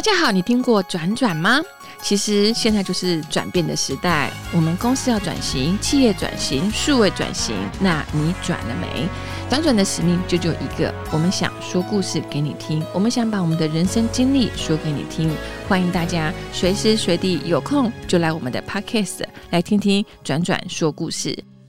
大家好，你聽過轉轉嗎？其實現在就是轉變的時代，我們公司要轉型，企業轉型，數位轉型。那你轉了沒？轉轉的使命就只有一個，我們想說故事給你聽，我們想把我們的人生經歷說給你聽。歡迎大家隨時隨地有空就來我們的 Podcast 來聽聽轉轉說故事。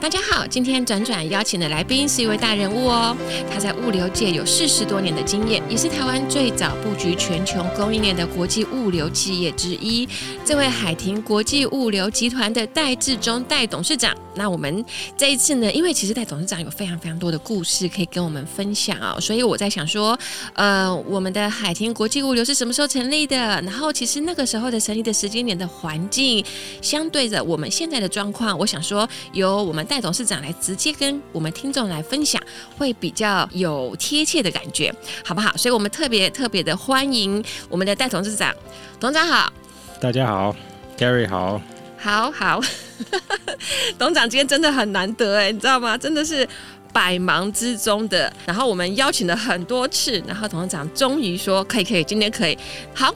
大家好，今天轉轉邀請的來賓是一位大人物喔，他在物流界有四十多年的經驗，也是台灣最早佈局全球供應鏈的國際物流企業之一。這位海霆國際物流集團的戴治中戴董事長，那我們這一次呢，因為其實戴董事長有非常非常多的故事可以跟我們分享喔，所以我在想說，呃，我們的海霆國際物流是什麼時候成立的？然後其實那個時候的成立的時間點的環境，相對着我們現在的狀況，我想說，由我們。戴董事長來直接跟我們聽眾來分享，會比較有貼切的感覺，好不好？所以，我們特別特別的歡迎我們的戴董事長。董事長好，大家好，Gary 好，好好，好 董事長今天真的很難得誒，你知道嗎？真的是百忙之中的，然後我們邀請了很多次，然後董事長終於說可以，可以，今天可以，好。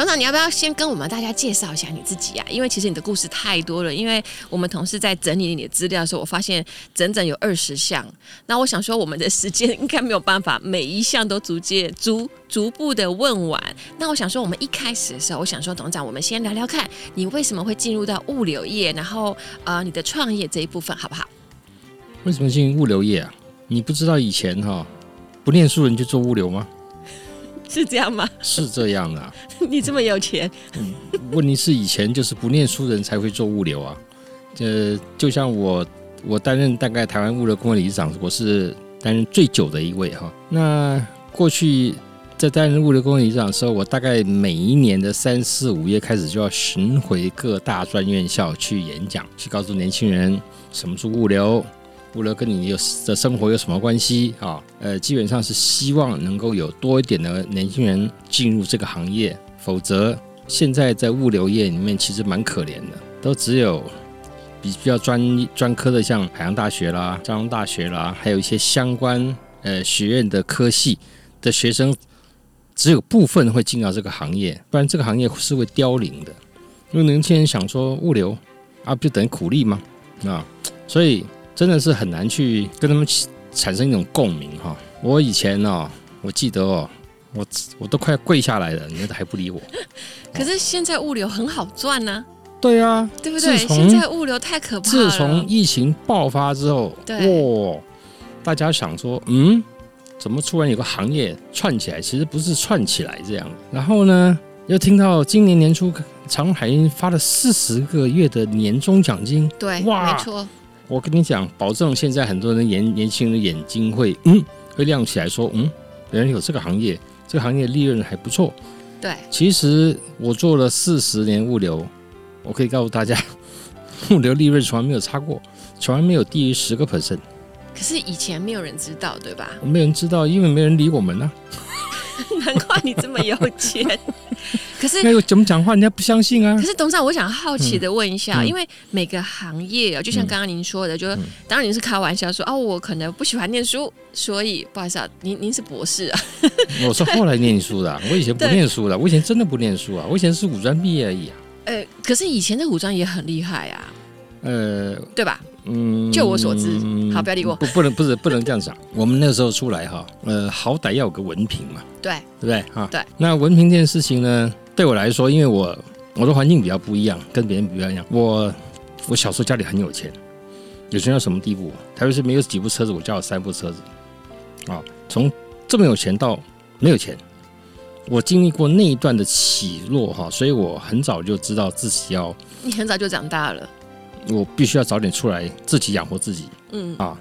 董事長，你要不要先跟我們大家介紹一下你自己呀、啊？因為其實你的故事太多了。因為我們同事在整理你的資料的時候，我發現整整有二十項。那我想說，我們的時間應該沒有辦法每一項都逐漸逐逐步的問完。那我想說，我們一開始的時候，我想說，董事長，我們先聊聊看你為什麼會進入到物流業，然後呃，你的創業這一部分好不好？為什麼進物流業啊？你不知道以前哈不念書人就做物流嗎？是這樣嗎？是這樣的、啊。 你這麼有錢、 嗯，問題是以前就是不唸書的人才會做物流啊。這就，就像我，我擔任大概台灣物流工業理事長，我是擔任最久的一位哈。那過去在擔任物流工業理事長的時候，我大概每一年的三四五月開始就要巡迴各大專院校去演講，去告訴年輕人什麼是物流。物流跟你有的生活有什麼關係啊？呃，基本上是希望能夠有多一點的年輕人進入這個行業，否則現在在物流業裡面其實蠻可憐的，都只有比較專專科的，像海洋大學啦、交通大學啦，還有一些相關呃學院的科系的學生，只有部分會進到這個行業，不然這個行業是會凋零的。因為年輕人想說物流啊，不就等於苦力嗎？啊，所以。真的是很難去跟他們產生一種共鳴哈。我以前呢、哦，我記得哦，我我都快跪下來了，你們都還不理我啊啊。可是現在物流很好賺呢。對啊，對不對？現在物流太可怕了。自從疫情爆發之後，哇，大家想說，嗯，怎麼突然有個行業串起來？其實不是串起來這樣。然後呢，又聽到今年年初長榮海運發了四十個月的年終獎金，對，哇，沒錯。我跟你講，保證現在很多人年年輕人眼睛會嗯，會亮起來說，說嗯，原來有這個行業，這個行業利潤還不錯。對，其實我做了四十年物流，我可以告訴大家，物流利潤從來沒有差過，從來沒有低於十個 percent。可是以前沒有人知道，對吧？沒有人知道，因為沒人理我們呢、啊。 難怪你這麼有錢， 可是沒有怎麼講話，人家不相信啊。可是董事長，我想好奇的問一下，因為每個行業啊，就像剛剛您說的，就是當然你是開玩笑說哦、啊，我可能不喜歡念書，所以不好意思啊您，您您是博士啊。我是後來念書的，我以前不念書的，我以前真的不念書啊，我以前是五專畢業而已啊。呃，可是以前的五專也很厲害啊。呃，對吧？嗯，就我所知，嗯、好，不要理我。不，不能，不是，不能這樣講、啊， 我們那時候出來哈，呃，好歹要有個文憑嘛，對，對不對？哈、啊，對。那文憑這件事情呢，對我來說，因為我我的環境比較不一樣，跟別人比較一樣。我我小時候家裡很有錢，有錢到什麼地步？台北市沒有幾部車子，我家有三部車子。啊，從這麼有錢到沒有錢，我經歷過那一段的起落哈，所以我很早就知道自己要。你很早就長大了。我必須要早點出來自己養活自己，嗯啊，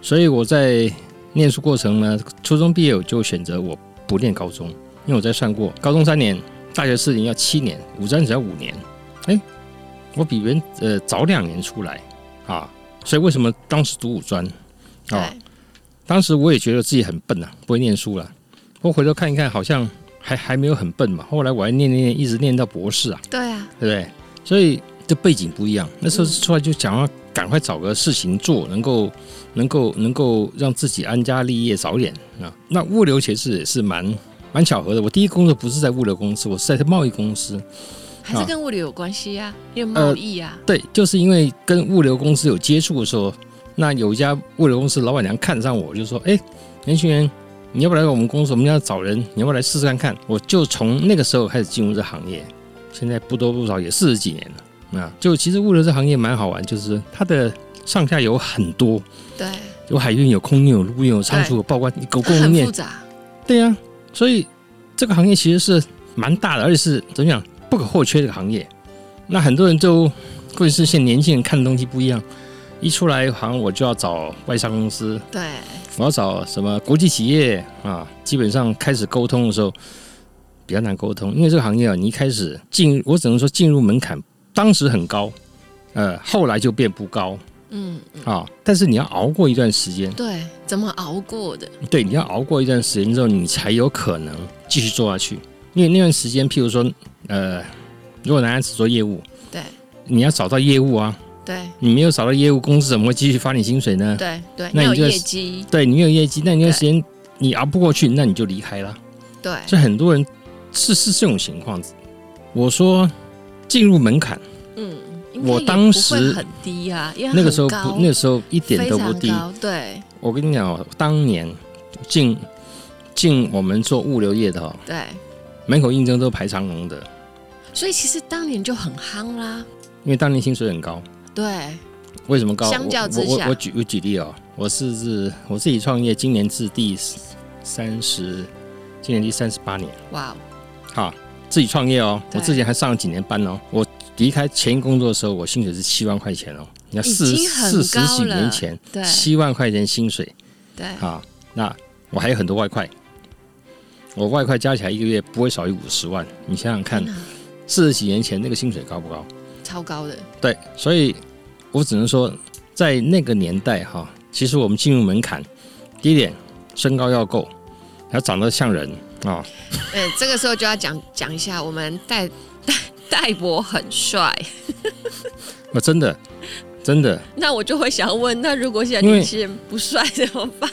所以我在念書過程呢，初中畢業我就選擇我不念高中，因為我在算過，高中三年，大學四年要七年，五專只要五年，哎、欸，我比別人呃早兩年出來啊，所以為什麼當時讀五專啊？對當時我也覺得自己很笨啊，不會念書了、啊。我回頭看一看，好像還還沒有很笨嘛。後來我還念念念，一直念到博士啊。對啊，對不對？所以。這背景不一樣，那時候出來就想要趕快找個事情做，能夠能夠能夠讓自己安家立業早點啊。那物流其實也是蠻蠻巧合的。我第一個工作不是在物流公司，我是在貿易公司，還是跟物流有關係呀、啊？因為貿易啊、呃，對，就是因為跟物流公司有接觸的時候，那有一家物流公司老闆娘看上我，就說：“哎、欸，年輕人，你要不來我們公司？我們要找人，你要不來試試看看？”我就從那個時候開始進入這行業，現在不多不少也四十幾年了。啊，就其實物流這行業蠻好玩，就是它的上下游很多，對，有海運、有空運、有陸運、有倉儲、有報關，對你狗供面，很複雜對呀、啊，所以這個行業其實是蠻大的，而且是怎麼講不可或缺的行業。那很多人就，或者是現在年輕人看的東西不一樣，一出來好像我就要找外商公司，對，我要找什麼國際企業啊，基本上開始溝通的時候比較難溝通，因為這個行業啊，你一開始進，我只能說進入門檻，當時很高，呃，後來就變不高，嗯，啊、哦，但是你要熬過一段時間，對，怎麼熬過的？對，你要熬過一段時間之後，你才有可能繼續做下去。因為那段時間，譬如說，呃，如果男孩子做業務，對，你要找到業務啊，對，你沒有找到業務，公司怎麼會繼續發你薪水呢？對對，那你就，對，你沒有業績，那你那段時間對你熬不過去，那你就離開了。對，所以很多人是是這種情況。我說進入門檻。啊、我當時很低呀，那個時候不那個時候一點都不低。對，我跟你講哦，當年進進我們做物流業的哦，對，門口應徵都排長龍的。所以其實當年就很夯啦，因為當年薪水很高。對，為什麼高？相較之下，我我我，我舉我舉例哦、喔，我是自我自己創業，今年是第三十，今年第三十八年。哇哦 Wow，好、啊，自己創業哦、喔，對我之前還上了幾年班哦、喔，我。離開前工作的時候，我薪水是七萬塊錢哦、喔。那四四十幾年前，七對 萬塊錢薪水，對啊，那我還有很多外快，我外快加起來一個月不會少於五十萬。你想想看，四十幾年前那個薪水高不高？超高的，對。所以我只能說，在那個年代哈、啊，其實我們進入門檻，第一點身高要夠，要長得像人啊。嗯，這個時候就要講講一下，我們帶帶。戴博很帥， 啊，真的，真的。那我就會想問，那如果現在年輕人不帥為怎麼辦？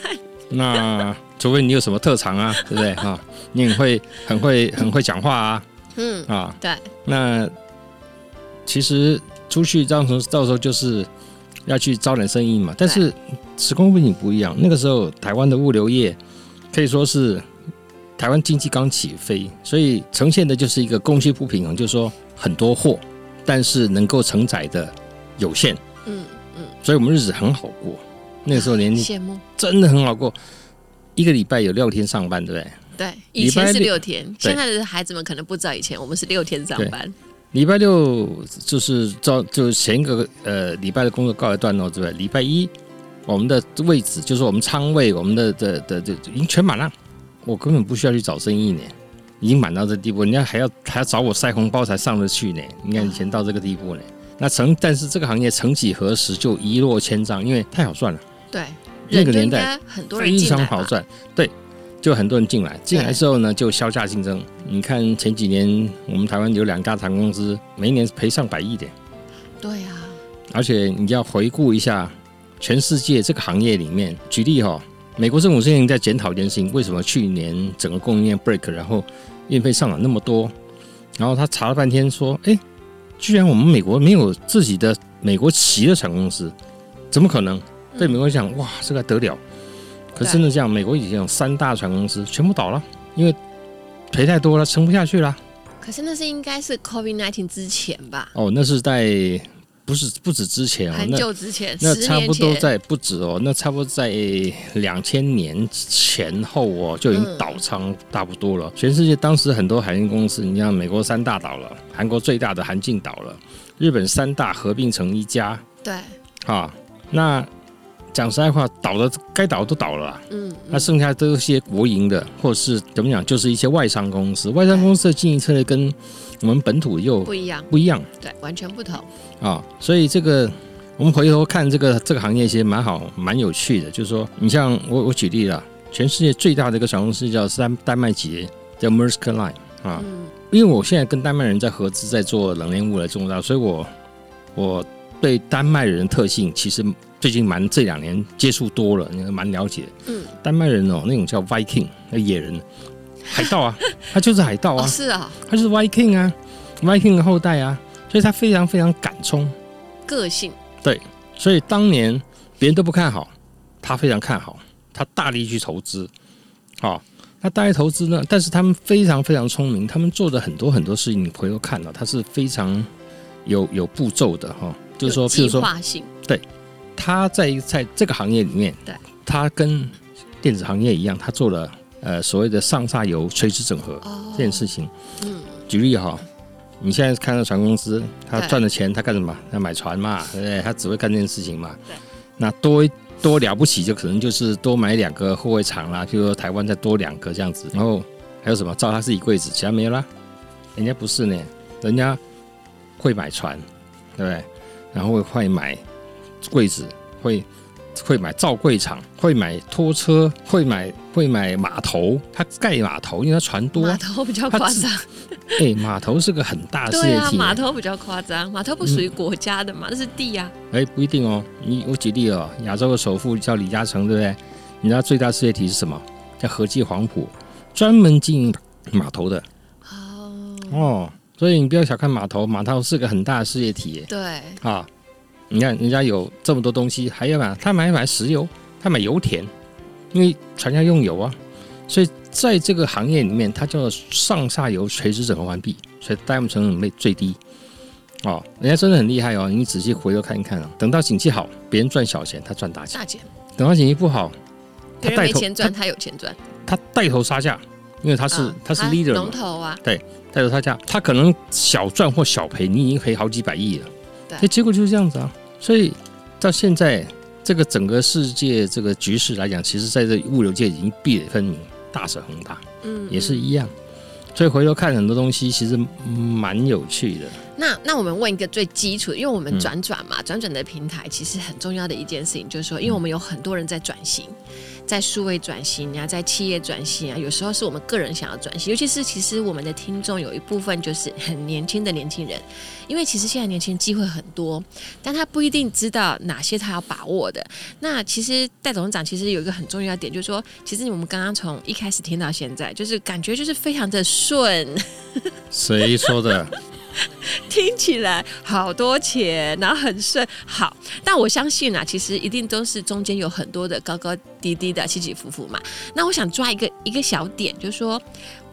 那除非你有什麼特長啊， 對不對？哈、啊，你很會，很會，很會講話啊。嗯，啊，對。那其實出去，到時候到時候就是要去招攬生意嘛。對但是時空背景不一樣，那個時候台灣的物流業可以說是。台灣經濟剛起飛，所以呈現的就是一個供需不平衡，就是說很多貨，但是能夠承載的有限。嗯嗯，嗯，所以我們日子很好過。啊、那時候年紀羨慕真的很好過。一個禮拜有六天上班，對不對？對，以前是六天，六，現在的孩子們可能不知道，以前我們是六天上班。禮拜六就是照，就是前一個呃禮拜的工作告一段落，對不對？禮拜一，我們的位置就是我們倉位，我們的的的已經全滿了。我根本不需要去找生意呢，已經滿到這地步，人家還要還要找我塞紅包才上得去呢。你看以前到這個地步呢，嗯、那成？但是這個行業曾幾何時就一落千丈，因為太好賺了。對，家家那個年代非常好賺，對，就很多人進來。進來之後呢，對就削價競爭。你看前幾年，我們台灣有兩家航空公司，每一年賠上百億的。對啊。而且你要回顧一下，全世界這個行業裡面，舉例哈。美國政府最近在檢討一件事情：為什麼去年整個供應鏈 break，然後運費上漲那麼多？然後他查了半天，說：“哎、欸，居然我們美國沒有自己的美國旗的船公司，怎麼可能？”對美國人講：“嗯、哇，這個還得了？”可是真的，這樣，對 美國已經有三大船公司全部倒了，因為賠太多了，撐不下去了。可是那是應該是 COVID-19 之前吧？哦，那是在。不是，不止之前哦，很久之前那，那差不多在不止哦，那差不多在兩千年前後哦，就已經倒倉差不多了。嗯。全世界當時很多海運公司，你像美國三大倒了，韓國最大的韓進倒了，日本三大合併成一家。對。啊，那。講實在話，倒的，該倒的都倒了。嗯，嗯，那剩下都是些國營的，或者是怎麼講，就是一些外商公司。外商公司的經營策略跟我們本土又不一樣，不一樣，不一樣對，完全不同啊。所以這個我們回頭看這個這個行業，其實蠻好、蠻有趣的。就是說，你像我，我舉例了，全世界最大的一個船公司叫丹丹麥企業，叫 Maersk Line 啊，嗯，因為我現在跟丹麥人在合資，在做冷鏈物流的中大，所以我我。對丹麥人的特性，其實最近蠻這兩年接觸多了，也蠻了解的。嗯，丹麥人哦，那種叫 Viking，那野人，海盜啊，他就是海盜啊， 哦、是啊，他就是 Viking 啊，Viking 的後代啊，所以他非常非常敢衝，個性。對，所以當年別人都不看好，他非常看好，他大力去投資，啊、哦，他大力投資呢，但是他們非常非常聰明，他們做的很多很多事情，你回頭看到、哦、他是非常有有步驟的哈。哦就是說，譬如說，對，他在在這個行業裡面，對，他跟電子行業一樣，他做了呃所謂的上下游垂直整合這件事情。哦、嗯，舉例哈，你現在看到船公司，他賺的錢對他幹什麼？他買船嘛，對不對,對？他只會幹這件事情嘛。對，那多多了不起，就可能就是多買兩個貨櫃場啦，就說台灣再多兩個這樣子，然後還有什麼？照他自己櫃子，其他沒有啦。人家不是呢，人家會買船，對不對？然後會買櫃子，會會買造櫃廠，會買拖車，會買會買碼頭。它蓋碼頭，因為它船多、啊。碼頭比較誇張。對它、 欸，碼頭是個很大的事業體。對、啊、碼頭比較誇張。碼頭不屬於國家的嘛，那、嗯、是地啊。哎、欸，不一定哦。你我舉例哦，亞洲的首富叫李嘉誠，對不對？你知道最大事業體是什麼？叫和記黃埔，專門經營碼頭的。Oh. 哦。所以你不要小看碼頭，碼頭是個很大的事業體。對啊，你看人家有這麼多東西，還要買他買買石油，他買油田，因為船要用油啊。所以在這個行業裡面，它叫做上下游垂直整合完畢，所以 d i 成本最最低。哦、啊，人家真的很厲害哦！你仔細回頭看一看啊、哦，等到景氣好，別人賺小錢，他賺大錢；大錢姐。等到景氣不好，他帶頭賺，他有錢賺。他帶頭殺價，因為他是、啊、他是 leader 龍頭啊。對。帶著他家，他可能小賺或小賠，你已經賠好幾百億了。哎對，結果就是這樣子啊。所以到現在，這個整個世界這個局勢來講，其實在這個物流界已經壁壘分明，大者恆大，嗯，嗯，也是一樣。所以回頭看很多東西，其實蠻有趣的。那那我們問一個最基礎，因為我們轉轉嘛，轉轉、嗯、的平台其實很重要的一件事情，就是說，因為我們有很多人在轉型，在數位轉型啊，在企業轉型啊，有時候是我們個人想要轉型，尤其是其實我們的聽眾有一部分就是很年輕的年輕人，因為其實現在年輕人機會很多，但他不一定知道哪些他要把握的。那其實戴董事長其實有一個很重要的點，就是說，其實我們剛剛從一開始聽到現在，就是感覺就是非常的順，誰說的？ 聽起來好多錢，然後很順，好，但我相信啊，其實一定都是中間有很多的高高低低的起起伏伏嘛。那我想抓一個一個小點，就是說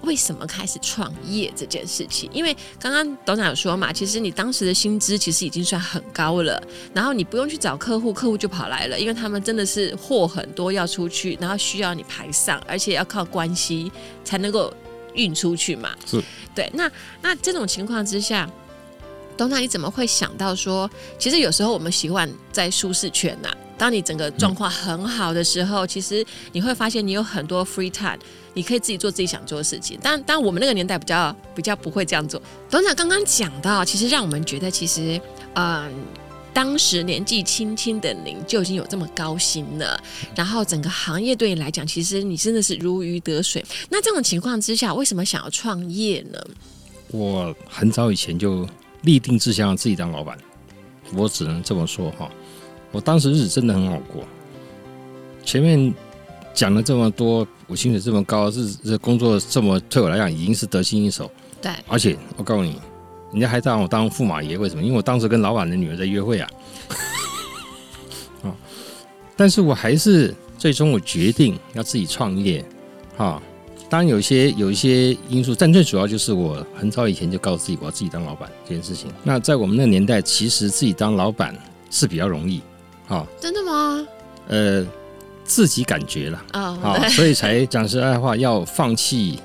為什麼開始創業這件事情？因為剛剛董事長有說嘛，其實你當時的薪資其實已經算很高了，然後你不用去找客戶，客戶就跑來了，因為他們真的是貨很多要出去，然後需要你排上，而且要靠關係才能夠。運出去嘛？是，對。那那這種情況之下，董事長你怎麼會想到說，其實有時候我們習慣在舒適圈吶、啊。當你整個狀況很好的時候，嗯、其實你會發現你有很多 free time，你可以自己做自己想做的事情。但但我們那個年代比較比較不會這樣做。董事長剛剛講到，其實讓我們覺得，其實嗯。呃當時年紀輕輕的您就已經有這麼高薪了，然後整個行業對你來講，其實你真的是如魚得水。那這種情況之下，為什麼想要創業呢？我很早以前就立定志向自己當老闆。我只能這麼說哈，我當時日子真的很好過。前面講了這麼多，我薪水這麼高，是這工作這麼，對我來講已經是得心應手。對。而且我告訴你。人家還讓我當駙馬爺，為什麼？因為我當時跟老板的女兒在約會啊！啊，但是我還是最終我決定要自己創業。哈，當然有一些有一些因素，但最主要就是我很早以前就告訴自己我要自己當老板這件事情。那在我們那個年代，其實自己當老板是比較容易。哈，真的嗎？呃，自己感覺了啊，oh, 對，所以才講實在話要放棄。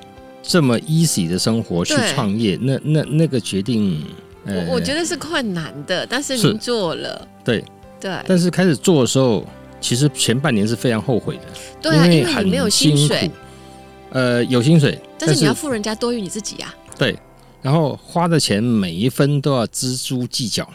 這麼 easy 的生活去創業，對那那那個決定，我，呃、我覺得是困難的，但是你做了，對對。對，但是開始做的時候，其實前半年是非常後悔的，對啊，因為，很因為你沒有薪水，呃，有薪水，但是，但是你要付人家多於你自己啊。對，然後花的錢每一分都要錙銖計較，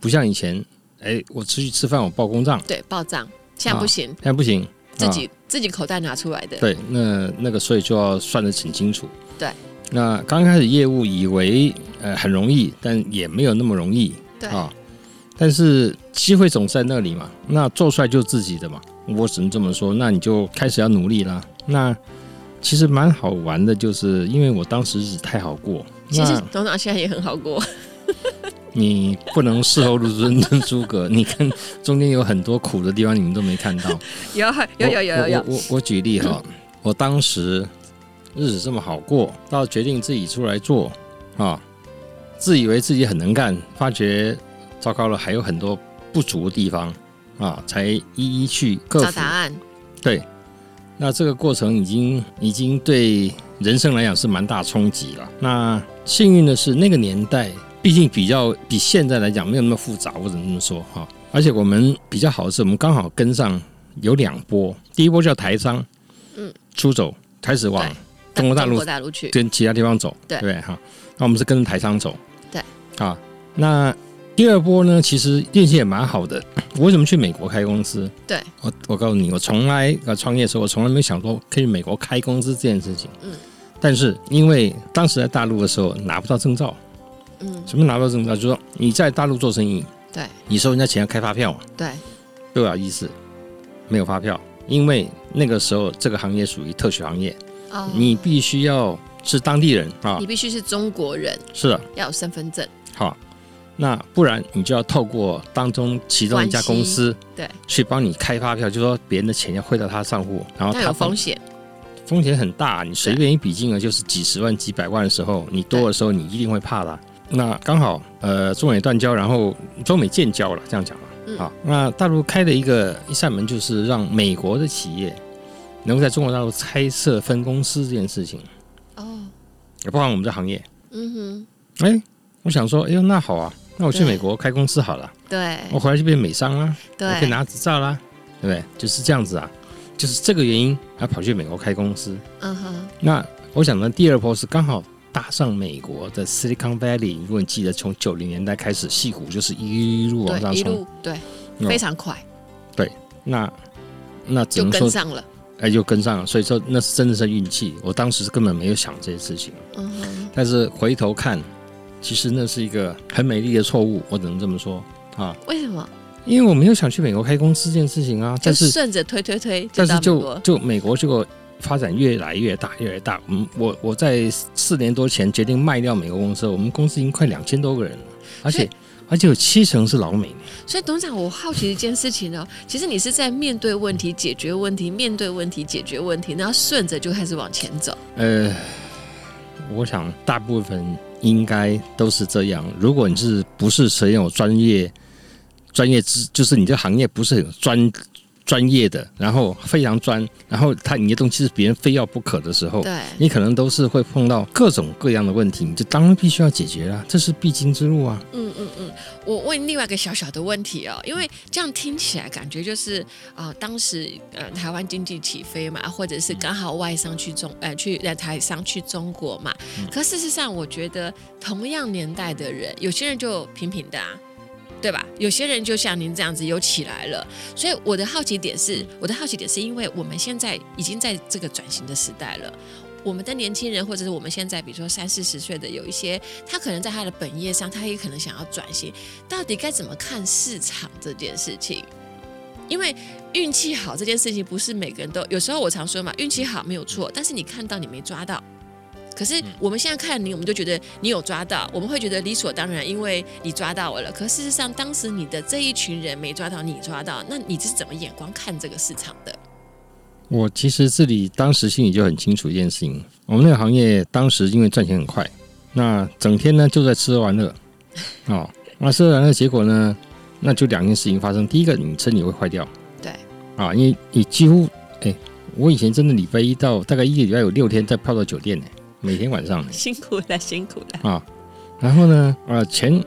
不像以前，哎、欸，我出去吃飯我報公賬，對，報賬，現在不行，啊、現在不行，自己。啊自己口袋拿出來的，對，那那個所以就要算得很清楚，對。那剛開始業務以為呃很容易，但也沒有那麼容易，對、哦、但是機會總在那裡嘛，那做出來就是自己的嘛，我只能這麼說。那你就開始要努力啦。那其實蠻好玩的，就是因為我當時是太好過。其實董事長現在也很好過。你不能事後如尊尊諸葛， 你看中間有很多苦的地方，你們都沒看到。有有有有有，我我舉例哈，我當時日子這麼好過，到決定自己出來做啊，自以為自己很能幹，發覺糟糕了，還有很多不足的地方啊，才一一去找答案。對，那這個過程已經已經對人生來講是蠻大衝擊了。那幸運的是，那個年代。畢竟比較比現在來講沒有那麼複雜，或者這麼說哈。而且我們比較好的是，我們剛好跟上有兩波，第一波叫台商，嗯，出走開始往中國大陸大陸去，跟其他地方走，對對哈。那我們是跟着台商走，對啊。那第二波呢，其實運氣也蠻好的。我為什麼去美國開公司？對，我我告訴你，我從來呃創業的時候，我從來沒有想過可以美國開公司這件事情。嗯，但是因為當時在大陸的時候拿不到證照。嗯，什麼拿不到證呢？就說你在大陸做生意，對，你收人家錢要開發票嘛，對，不好意思，沒有發票，因為那個時候這個行業屬於特許行業哦，嗯、你必須要是當地人啊，你必須是中國人，是的，要有身份證。好、啊，那不然你就要透過當中其中一家公司對去幫你開發票，就說別人的錢要匯到他賬戶，然後他有風險，風險很大，你隨便一筆金額就是幾十萬、幾百萬的時候，你多的時候你一定會怕的。那剛好，呃，中美斷交，然後中美建交了，這樣講嘛？嗯、好，那大陸開的一個一扇門，就是讓美國的企業能夠在中國大陸開設分公司這件事情。哦，也包含我們這行業。嗯哼。哎，我想說，哎呦，那好啊，那我去美國開公司好了。對。對我回來就變美商啦，啊，對，我可以拿執照啦，啊，對不對？就是這樣子啊，就是這個原因，還跑去美國開公司。嗯哼。那我想呢，第二波是剛好，搭上美國的 Silicon Valley，如果你記得，從九零年代開始，矽谷就是一路往上衝，對，嗯、非常快。對，那那只能說就跟上了，哎、欸，就跟上了。所以說那是真的是運氣，我當時是根本沒有想這些事情。嗯、哼但是回頭看，其實那是一個很美麗的錯誤，我只能這麼說啊。為什麼？因為我沒有想去美國開公司這件事情啊。就順着推推推，但。但是就就美國這個。發展越來越大，越來越大。嗯，我我在四年多前決定賣掉美國公司，我們公司已經快兩千多個人了，而且以而且有七成是老美。所以，董事長，我好奇一件事情哦、喔， 其實你是在面對問題、解決問題，面對問題、解決問題，然後順着就開始往前走。呃，我想大部分應該都是這樣。如果你是不是誰有專業專業知，就是你這行業不是很專。專業的，然後非常專，然後他你的東西是別人非要不可的時候，對你可能都是會碰到各種各樣的問題，你就當然必須要解決了，啊，這是必經之路啊。嗯嗯嗯，我問另外一個小小的問題哦，因為這樣聽起來感覺就是啊，呃，當時呃台灣經濟起飛嘛，或者是剛好外商去中呃去台商去中國嘛，嗯，可事實上我覺得同樣年代的人，有些人就平平的啊。對吧？有些人就像您這樣子，又起來了。所以我的好奇點是，我的好奇點是因為我們現在已經在這個轉型的時代了。我們的年輕人，或者是我們現在，比如說三四十歲的，有一些他可能在他的本業上，他也可能想要轉型。到底該怎麼看市場這件事情？因為運氣好這件事情，不是每個人都有時候我常說嘛，運氣好沒有錯，但是你看到你沒抓到。可是我們現在看你，我們就覺得你有抓到，我們會覺得理所當然，因為你抓到我了。可事實上，當時你的這一群人沒抓到，你抓到，那你這是怎麼眼光看這個市場的？我其實這裡當時心裡就很清楚一件事情，我們那個行業當時因為賺錢很快，那整天呢就在吃喝玩樂， 哦，那吃喝玩樂結果呢，那就兩件事情發生，第一個，你身體會壞掉，對，啊，因為你幾乎，哎、欸，我以前真的禮拜一到大概一個禮拜有六天在泡到酒店呢、欸。每天晚上辛苦了，辛苦了啊！然後呢，啊，錢，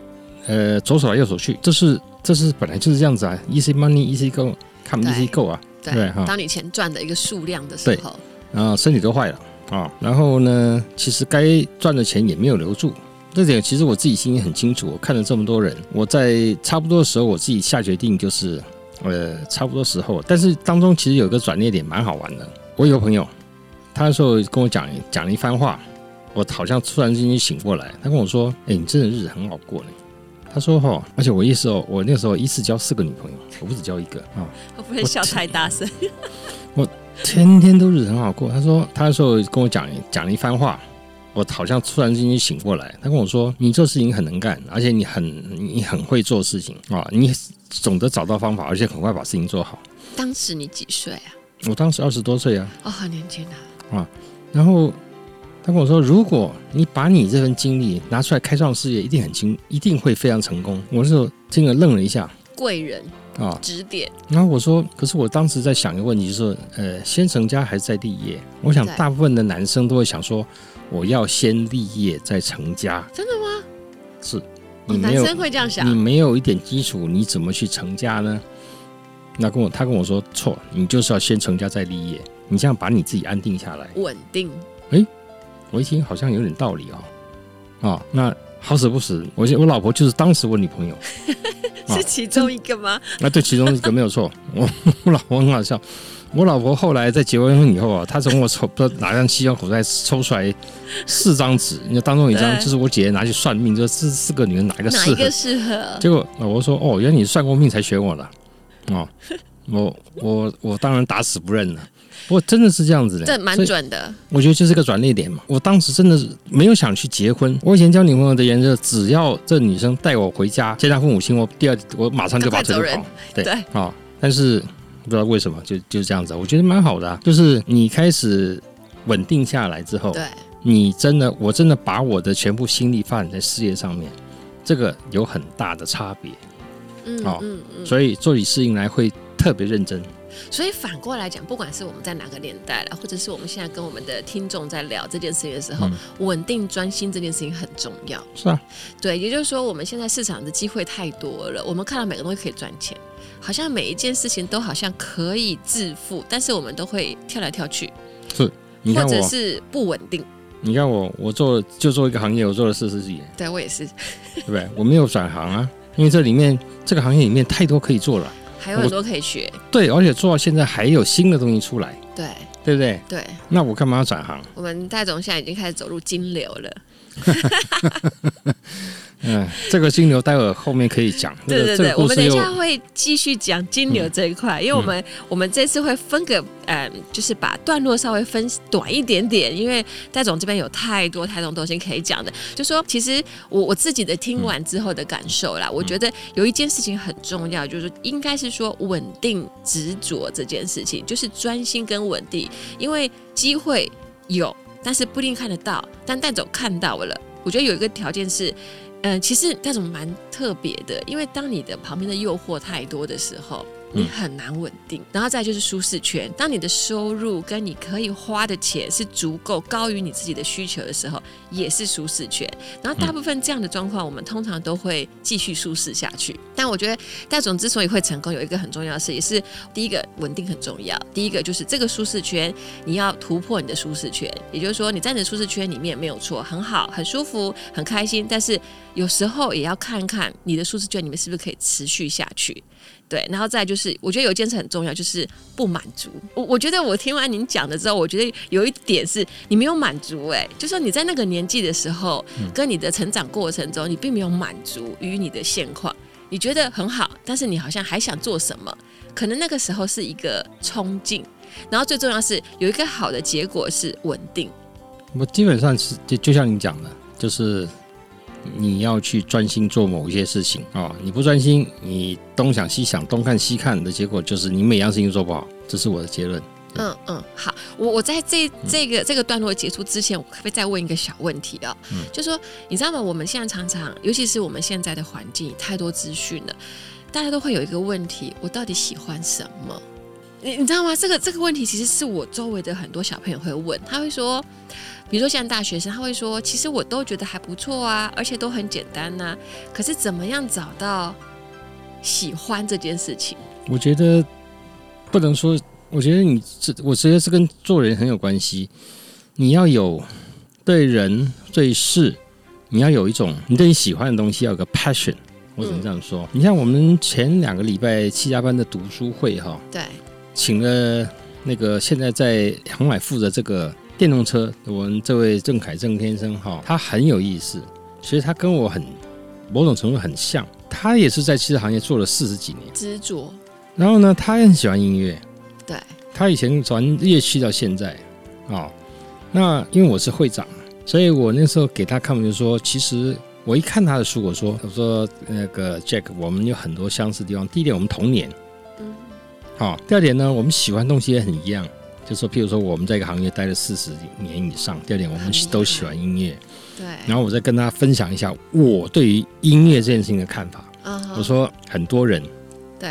呃，左手來右手去，這是，這是本來就是這樣子啊。Easy money，easy go，come easy go 啊。對，對啊、當你錢賺的一個數量的時候，啊，身體都壞了啊。然後呢，其實該賺的錢也沒有留住，這點其實我自己心裡很清楚。我看了這麼多人，我在差不多的時候，我自己下決定就是，呃，差不多時候。但是當中其實有個轉捩點，蠻好玩的。我有個朋友。他那時候跟我講講了一番話，我好像突然之間醒過來。他跟我說：“哎、欸，你真的日子很好過呢。”他說：“哈、哦，而且我意思哦，我那時候一次交四個女朋友，我不止交一個啊。哦”我不會笑太大聲？我， 我天天都是很好過。他說：“他那時候跟我講講了一番話，我好像突然之間醒過來。他跟我說：‘你做事情很能幹，而且你很你很會做事情啊、哦，你懂得找到方法，而且很快把事情做好。’”當時你幾歲啊？我當時二十多歲啊。哦，好年輕啊。啊，然後他跟我說，如果你把你這份經歷拿出來開創事業，一定很輕，一定會非常成功。我那時候真的愣了一下，貴人啊指點。然後我說，可是我當時在想一個問題，就是呃，先成家還是再立業？我想大部分的男生都會想說，我要先立業再成家。真的嗎？是，你男生會這樣想。你沒有一點基礎，你怎麼去成家呢？那跟我他跟我說，錯，你就是要先成家再立業。你這樣把你自己安定下來，穩定。欸、我一聽好像有點道理哦。啊、哦，那好死不死，我我老婆就是當時我女朋友， 哦、是其中一個嗎？那對，其中一個沒有錯。 我我老婆很好笑，我老婆後來在結完婚以後啊，她從我抽不知道哪張西裝口袋抽出來四張紙，那 當中一張對就是我姐姐拿去算命，這、就、四、是、四個女人哪一個適合？合結果老婆說哦，原來你算過命才選我的，哦，我我我當然打死不認了。不過真的是這樣子的，欸，這蠻準的。我覺得這是個轉捩點嘛。我當時真的是沒有想去結婚。我以前交女朋友的原則，只要這女生帶我回家見她父母親，我第二我馬上就拔腿就跑。對啊，哦，但是不知道為什麼就就是這樣子。我覺得蠻好的，啊，就是你開始穩定下來之後，對，你真的，我真的把我的全部心力發展在事業上面，這個有很大的差別哦。嗯嗯嗯。所以做起事情來會特別認真。所以反過來講，不管是我們在哪個年代了，或者是我們現在跟我們的聽眾在聊這件事情的時候，嗯、穩定專心這件事情很重要。是啊，對，也就是說我們現在市場的機會太多了，我們看到每個東西可以賺錢，好像每一件事情都好像可以致富，但是我們都會跳來跳去。是，你看或者是不穩定。你看我，我做就做一個行業，我做了四十幾年。對我也是， 對不對？我沒有轉行啊，因為這裡面這個行業裡面太多可以做了。還有很多可以學，對，而且做到現在還有新的東西出來，對，對不對？對，那我幹嘛要轉行？我們戴總現在已經開始走入金流了。 嗯，這個金流待會後面可以講。 對，對對，我們等一下會繼續講金流這一塊，嗯、因為我們、嗯、我們這次會分個呃、嗯，就是把段落稍微分短一點點，因為戴總這邊有太多太多東西可以講的。就說其實我我自己的聽完之後的感受啦，嗯、我覺得有一件事情很重要，就是應該是說穩定執着這件事情，就是專心跟穩定，因為機會有，但是不一定看得到，但戴總看到了。我覺得有一個條件是。嗯、呃，其實那種蠻特別的，因為當你的旁邊的誘惑太多的時候。你很難穩定，然後再就是舒適圈。當你的收入跟你可以花的錢是足夠高於你自己的需求的時候，也是舒適圈。然後大部分這樣的狀況，我們通常都會繼續舒適下去。但我覺得戴總之所以會成功，有一個很重要的事，也是第一個，穩定很重要。第一個就是這個舒適圈，你要突破你的舒適圈。也就是說，你在你的舒適圈裡面沒有錯，很好，很舒服，很開心。但是有時候也要看看你的舒適圈裡面是不是可以持續下去。對，然後再就是，我覺得有一件事很重要，就是不滿足。我我覺得我聽完您講的之後，我覺得有一點是，你沒有滿足欸。哎，就是說你在那個年紀的時候，嗯，跟你的成長過程中，你並沒有滿足於你的現況。你覺得很好，但是你好像還想做什麼？可能那個時候是一個衝勁，然後最重要是有一個好的結果是穩定。我基本上是就就像您講的，就是。你要去專心做某一些事情啊、哦！你不專心，你東想西想，東看西看的結果就是你每樣事情都做不好。這是我的結論。嗯嗯，好，我我在這這個這個段落結束之前，我可不可以再問一個小問題啊、哦？嗯、就說你知道嗎？我們現在常常，尤其是我們現在的環境太多資訊了，大家都會有一個問題：我到底喜歡什麼？你你知道嗎？這個這個問題其實是我周圍的很多小朋友會問，他會說。比如說像大學生，他會說：“其實我都覺得還不錯啊，而且都很簡單吶、啊。”可是怎麼樣找到喜歡這件事情？我覺得不能說，我覺得你這我覺得是跟做人很有關係。你要有對人對事，你要有一種你對你喜歡的東西要有個 passion。我只能這樣說。嗯、你像我們前兩個禮拜七家班的讀書會哈，對，請了那個現在在紅海負責這個。電動車，我們這位鄭凱鄭先生哈、哦，他很有意思。其實他跟我很某種程度很像，他也是在汽車行業做了四十幾年，執着。然後呢，他也很喜歡音樂，對。他以前彈樂器到現在啊、哦，那因為我是會長，所以我那時候給他看，我就說，其實我一看他的書，我說，我說那個 Jack，我們有很多相似的地方。第一點，我們同年。嗯。好、哦，第二點呢，我們喜歡東西也很一樣。就是說，譬如說我們在一個行業待了四十年以上。第二點，我們都喜歡音樂。對。然後我再跟大家分享一下我對於音樂這件事情的看法。Uh huh、我說很多人。對。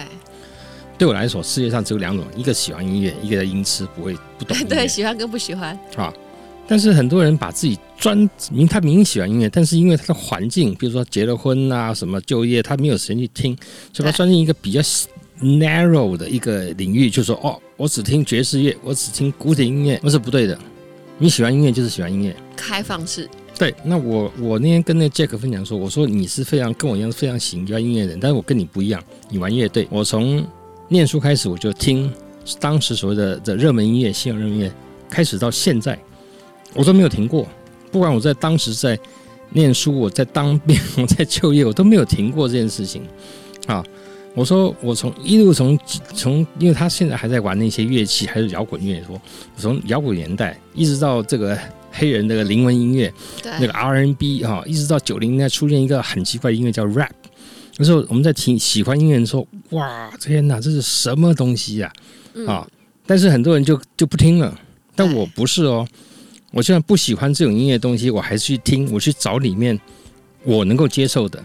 對我來，來說，世界上只有兩種：一個喜歡音樂，一個在音痴，不會不懂。 對，喜歡跟不喜歡。啊。但是很多人把自己鑽，明，他明明喜歡音樂，但是因為他的環境，譬如說結了婚啊，什麼就業，他沒有時間去聽，所以他鑽進一個比較 narrow 的一個領域，對就是說哦。我只聽爵士樂，我只聽古典音樂，那是不對的。你喜歡音樂就是喜歡音樂，開放式。對，那我我那天跟那個 Jack 分享說，我說你是非常跟我一樣非常喜歡音樂的人，但是我跟你不一樣，你玩樂隊。我從唸書開始我就聽當時所謂的的熱門音樂、西洋熱門音樂，開始到現在我都沒有停過。不管我在當時在唸書，我在當兵，我在就業，我都沒有停過這件事情，啊。我說，我從一路從從，因為他現在還在玩那些樂器，還是搖滾樂。我從搖滾年代一直到這個黑人的靈魂音樂，嗯、對那個 R&B 啊、哦，一直到九零年代出現一個很奇怪的音樂叫 rap。那時候我們在聽喜歡音樂的時候，哇，天吶，這是什麼東西呀？啊！哦嗯、但是很多人就就不聽了，但我不是哦。對我雖然不喜歡這種音樂東西，我還是去聽，我去找裡面我能夠接受的。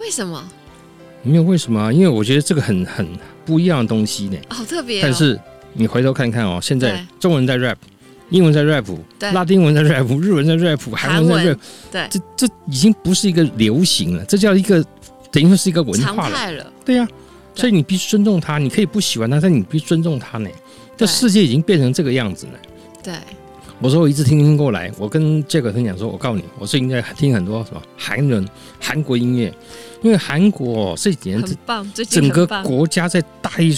為什麼？沒有為什麼啊？因為我覺得這個很很不一樣的東西呢。好特別、哦。但是你回頭看看哦、喔，現在中文在 rap，對英文在 rap，對拉丁文在 rap，日文在 rap，韓文,文在 rap。對。這這已經不是一個流行了，這叫一個等於說是一個文化了。了對呀、啊，所以你必須尊重它。對你可以不喜歡它，但你必須尊重它呢。這世界已經變成這個樣子了。對。我說我一直聽聽過來，我跟杰哥分講，說，我告訴你，我最應該聽很多什麼韓文韓國音樂。因為韓國這幾年，整個國家在大力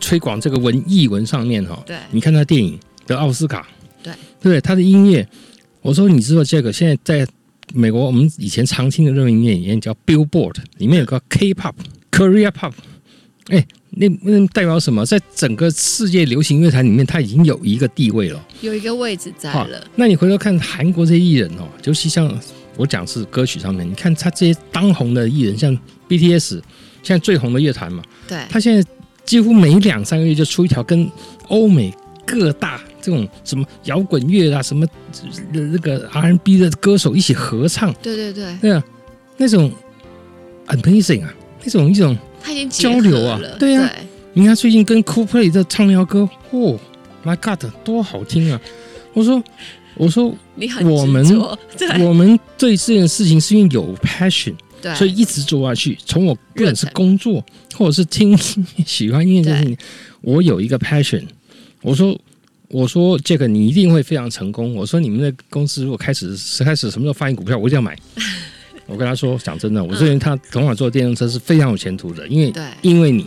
推廣這個文藝文上面哈，對，你看他電影得奧斯卡，對，對，他的音樂，我說你知道這個現在在美國我們以前常聽的那種音樂裡面叫 Billboard，裡面有個 K-pop，Korea pop，哎，那、欸、那代表什麼？在整個世界流行樂壇裡面，他已經有一個地位了，有一個位置在了。啊、那你回頭看韓國這些藝人哦，尤其像。我講是歌曲上面，你看他這些當紅的藝人，像 BTS，現在最紅的樂團嘛，對，他現在幾乎每兩三個月就出一條跟歐美各大這種什麼搖滾樂啊、什麼那個 R&B 的歌手一起合唱，對對對，對啊，那種 amazing 啊，那種一種、啊、他已經交流啊，對啊，對你看最近跟 Coldplay 的唱那條歌，哦，My God，多好聽啊！我說。我說，我們我們對這件事情是因為有 passion，對所以一直做下去。從我個人是工作，真或者是聽呵呵喜歡音樂，就是你對我有一個 passion。我說，我說傑克，你一定會非常成功。我說，你們的公司如果開始是開始什麼時候發行股票，我一定要買。 我跟他說，講真的，我認為他同款做電動車是非常有前途的，因為對因為你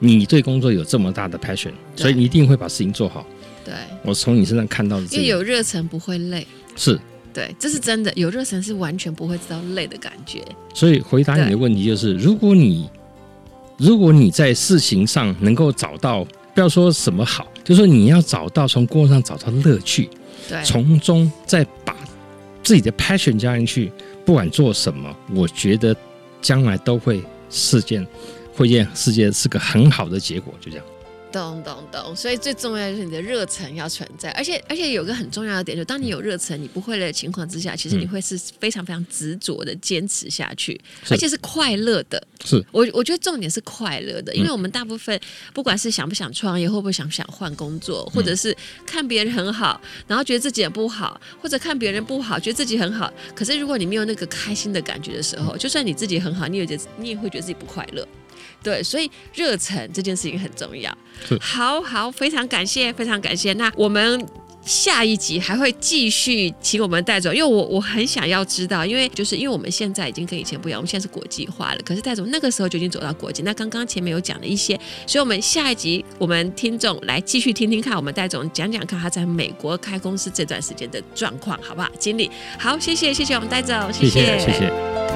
你對工作有這麼大的 passion，所以你一定會把事情做好。對，我從你身上看到的，因為有熱忱不會累。是對，這是真的。有熱忱是完全不會知道累的感覺。所以回答你的問題就是：對如果你，如果你在事情上能夠找到，不要說什麼好，就說、是、你要找到從工作上找到樂趣，對，從中再把自己的 passion 加進去，不管做什麼，我覺得將來都會事件會見世界是個很好的結果。就這樣。咚咚咚！所以最重要就是你的熱忱要存在，而且而且有個很重要的點，就當你有熱忱，你不會的情況之下，其實你會是非常非常執着地堅持下去，嗯、而且是快樂的。是我我覺得重點是快樂的，因為我們大部分、嗯、不管是想不想創業，會不會想想換工作，或者是看別人很好，然後覺得自己也不好，或者看別人不好，覺得自己很好。可是如果你沒有那個開心的感覺的時候，嗯、就算你自己很好，你也覺你也會覺得自己不快樂。對，所以熱忱這件事情很重要。是好好，非常感謝，非常感謝。那我們下一集還會繼續請我們戴總，因為我我很想要知道，因為就是因為我們現在已經跟以前不一樣，我們現在是國際化了。可是戴總那個時候就已經走到國際。那剛剛前面有講了一些，所以我們下一集我們聽眾來繼續聽聽看，我們戴總講講看他在美國開公司這段時間的狀況好不好？經理，好，謝謝，謝謝我們戴總，謝謝，謝謝，謝謝。